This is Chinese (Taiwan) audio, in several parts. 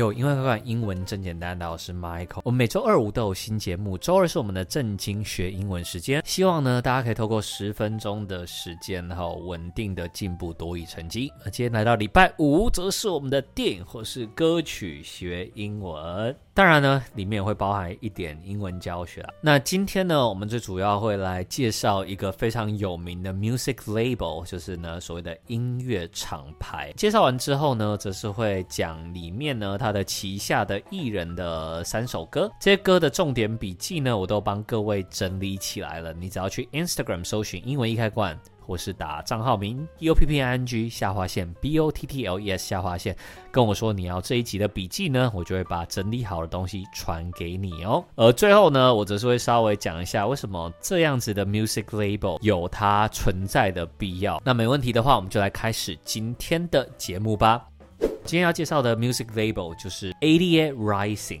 有因為文看英文真簡單。老師 Michael，我們每周二五都有新節目。周二是我們的正經學英文時間，希望呢大家可以透過十分鐘的時間，然後，穩定的進步多益，多益成績。而今天來到禮拜五，則是我們的電影或是歌曲學英文。當然呢，裡面也會包含一點英文教學啊。那今天呢，我們最主要會來介紹一個非常有名的 music label，就是呢所謂的音樂廠牌。介紹完之後呢，則是會講裡面呢它的旗下的藝人的三首歌。這些歌的重點筆記呢，我都幫各位整理起來了。你只要去 Instagram 搜尋英文易開罐，我是打賬號名、P、O P P I N G 下劃線 B O T T L E S 下劃線，跟我說你要這一集的筆記呢，我就會把整理好的東西傳給你哦。而最後呢，我則是會稍微講一下為什麼這樣子的 music label 有它存在的必要。那沒問題的話，我們就來開始今天的節目吧。今天要介紹的 music label 就是88 Rising。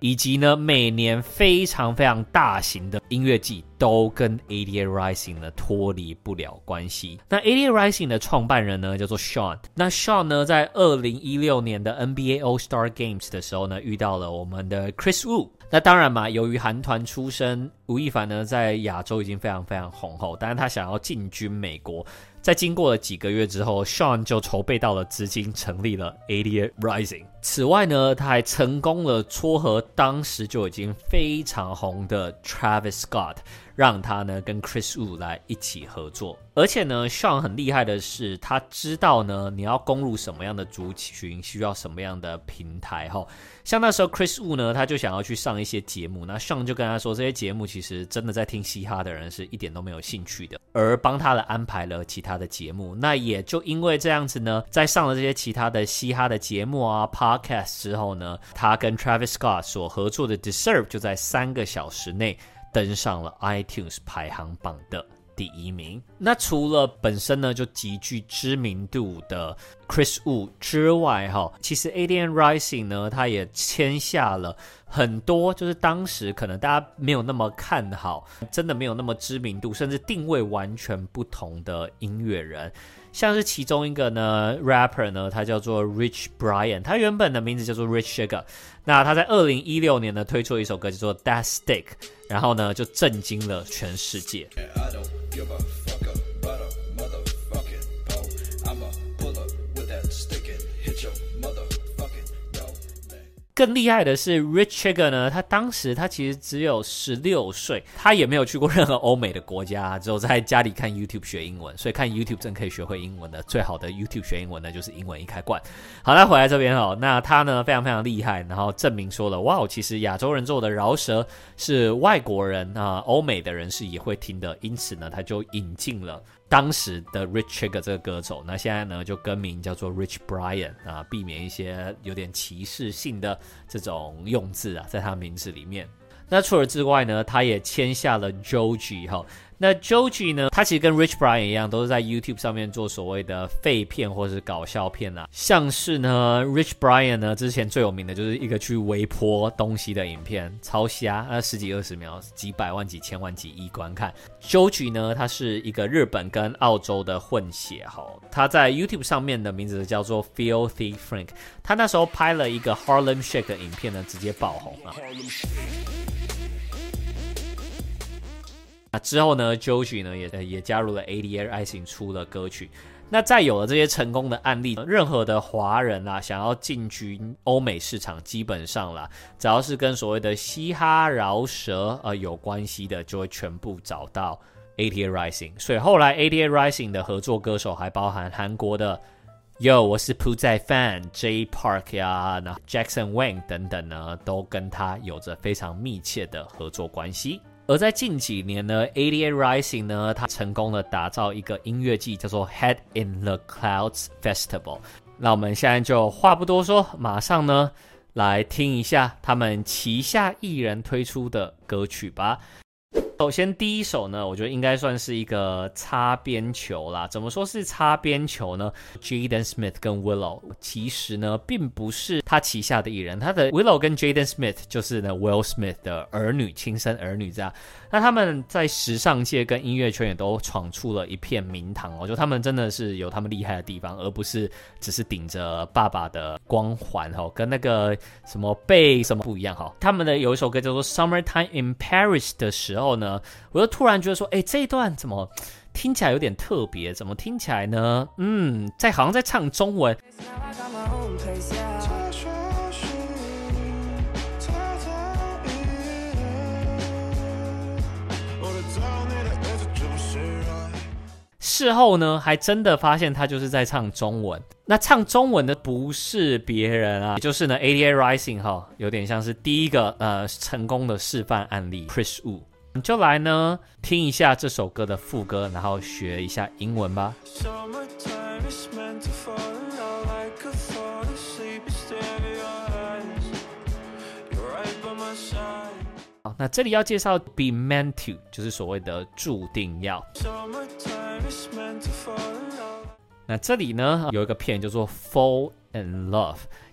以及呢，每年非常非常大型的音樂季都跟 88rising 脫離不了關係。那 88rising 的創辦人呢叫做 Sean，那 Sean 呢在二零一六年的 N B A All Star Games 的時候呢遇到了我們的 Chris Wu。那當然嘛，由於韓團出身，吳亦凡呢在亞洲已經非常非常紅火，但是他想要進軍美國。在經過了幾個月之後 Sean 就籌備到了資金，成立了 88rising。此外呢，他還成功了撮合當時就已經非常紅的 Travis Scott，讓他呢跟 Chris Wu 來一起合作。而且呢 Sean 很厲害的是，他知道呢你要攻入什麼樣的族群，需要什麼樣的平台。哈，像那時候 Chris Wu 呢，他就想要去上一些節目，那 Sean 就跟他說，這些節目其實真的在聽嘻哈的人是一點都沒有興趣的，而幫他的安排了其他。他的節目，那也就因為這樣子呢，在上了這些其他的嘻哈的節目啊，podcast 之後呢，他跟 Travis Scott 所合作的 Deserve 就在三個小時內登上了 iTunes 排行榜的第一名。那除了本身呢就極具知名度的 Chris Wu 之外，哈，其實 88rising 呢，他也簽下了。很多就是當時可能大家沒有那麼看好，真的沒有那麼知名度，甚至定位完全不同的音樂人，像是其中一個呢，rapper 呢，他叫做 Rich Brian，他原本的名字叫做 Rich Sugar，那他在二零一六年呢推出了一首歌叫做 That Stick，然後呢就震驚了全世界。更厲害的是，Rich Chigga 呢，他當時他其實只有十六歲，他也沒有去過任何歐美的國家，只有在家裡看 YouTube 學英文。所以看 YouTube 真可以學會英文的，最好的 YouTube 學英文呢，就是英文易開罐。好了，那回來這邊哦，那他呢非常非常厲害，然後證明說了，哇，其實亞洲人做的饒舌是外國人啊，歐、呃、美的人士也會聽的。因此呢，他就引進了當時的 Rich Chigga 這個歌手，那現在呢就更名叫做 Rich Brian 啊、呃，避免一些有點歧視性的。這種用字啊，在他名字裡面。那除了之外呢，他也簽下了 Joji。那 Joji 呢，他其實跟 Rich Brian 一樣，都是在 YouTube 上面做所謂的廢片或是搞笑片啊。像是呢，Rich Brian 呢之前最有名的就是一個去微波東西的影片，超瞎啊，十幾二十秒，幾百萬、幾千萬、幾億觀看。Joji 呢，他是一個日本跟澳洲的混血哈，他在 YouTube 上面的名字叫做 Filthy Frank，他那時候拍了一個 Harlem Shake 的影片呢，直接爆紅啊。之後呢 Joji 呢也也加入了 88rising 出了歌曲。那再有了這些成功的案例，任何的華人啊想要進軍歐美市場，基本上啦，只要是跟所謂的嘻哈饒舌呃有關係的，就會全部找到 88rising。所以後來 88rising 的合作歌手還包含韓國的 Yo，我是朴宰範 J. Park 呀，那 Jackson Wang 等等呢，都跟他有着非常密切的合作關係。而在近幾年呢，88 Rising 呢，它成功地打造一個音樂祭，叫做 Head in the Clouds Festival。那我們現在就話不多說，馬上呢來聽一下他們旗下藝人推出的歌曲吧。首先，第一首呢，我覺得應該算是一個擦邊球啦。怎麼說是擦邊球呢？Jaden Smith 跟 Willow 其實呢，並不是他旗下的藝人。他的 Willow 跟 Jaden Smith 就是呢 Will Smith 的兒女，親生兒女這樣。那他們在時尚界跟音樂圈也都闖出了一片名堂。我覺得他們真的是有他們厲害的地方，而不是只是頂着爸爸的光環哦，跟那個什麼被什麼不一樣哈。他們的有一首歌叫做《Summertime in Paris》的時候呢。我就突然覺得說，哎、欸，這一段怎麼聽起來有點特別？怎麼聽起來呢？嗯，在好像在唱中文。事後呢，還真的發現他就是在唱中文。那唱中文的不是別人啊，也就是呢，88rising 哈，有點像是第一個呃成功的示範案例，Kris Wu。就來呢，聽一下這首歌的副歌，然後學一下英文吧。好，那這裡要介紹 be meant to，就是所謂的注定要。Summertime is meant to fall in love. 那這裡呢，有一個片叫做 fall in love。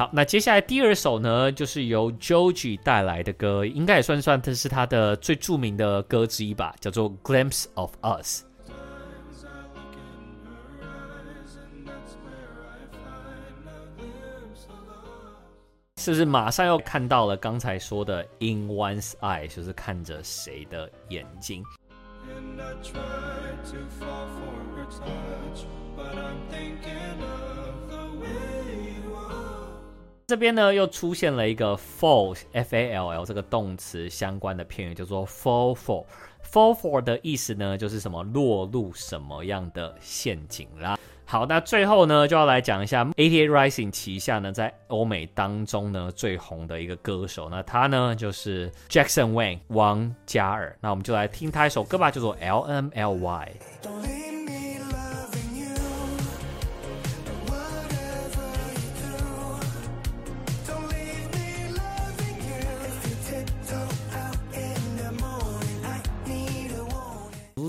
好，那接下來第二首呢，就是由 Joji 帶來的歌，應該也算算它是他的最著名的歌之一吧，叫做《Glimpse of Us》。是不是馬上又看到了剛才說的 In One's Eye 就是看着誰的眼睛？這邊呢又出現了一個 fall F A L L 這個動詞相關的片語，叫做 fall for，fall for 的意思呢，就是什麼落入什麼樣的陷阱啦。好，那最後呢就要來講一下88 Rising 旗下呢在歐美當中呢最紅的一個歌手，那他呢就是 Jackson Wang 王嘉爾。那我們就來聽他一首歌吧，叫做 L M L Y。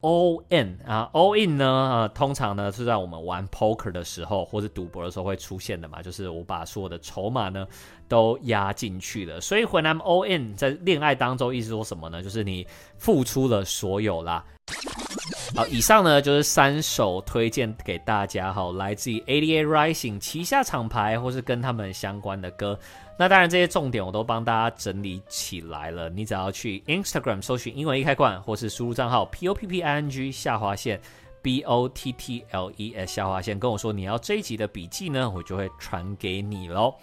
All in 啊 All in 呢啊、呃，通常呢是在我們玩 poker 的時候，或是賭博的時候會出現的嘛，就是我把所有的籌碼呢都壓進去了。所以 when I'm all in，在戀愛當中意思說什麼呢？就是你付出了所有啦。好，以上呢就是三首推薦給大家哈，來自於 88rising 旗下廠牌或是跟他們相關的歌。那當然，這些重點我都幫大家整理起來了。你只要去 Instagram 搜尋英文易開罐，或是輸入賬號 P O P P I N G 下劃線 B O T T L E S 下劃線，跟我說你要這一集的筆記呢，我就會傳給你嘍。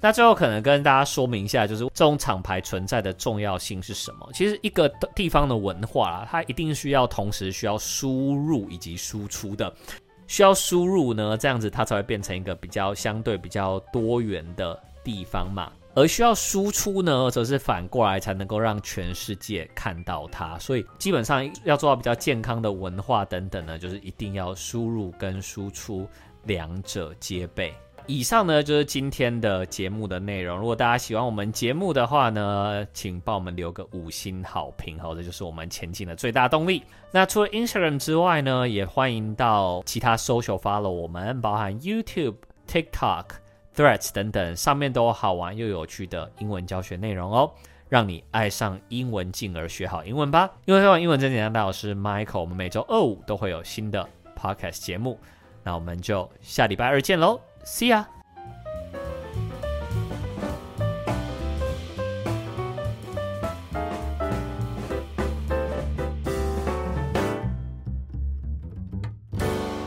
那最後可能跟大家說明一下，就是這種廠牌存在的重要性是什麼？其實一個地方的文化，它一定需要同時需要輸入以及輸出的。需要輸入呢，這樣子它才會變成一個比較相對比較多元的。地方嘛，而需要輸出呢，則是反過來才能夠讓全世界看到它。所以基本上要做到比較健康的文化等等呢，就是一定要輸入跟輸出兩者皆備。以上呢，就是今天的節目的內容。如果大家喜歡我們節目的話呢，請幫我們留個五星好評好，這就是我們前進的最大動力。那除了 Instagram 之外呢，也歡迎到其他 social follow 我們，包含 YouTube、TikTok。Threads 等等，上面都有好玩又有趣的英文教學內容哦，讓你愛上英文，進而學好英文吧。因為會玩英文真簡單，我是 Michael，我們每周二五都會有新的 podcast 節目，那我們就下禮拜二見嘍，See ya。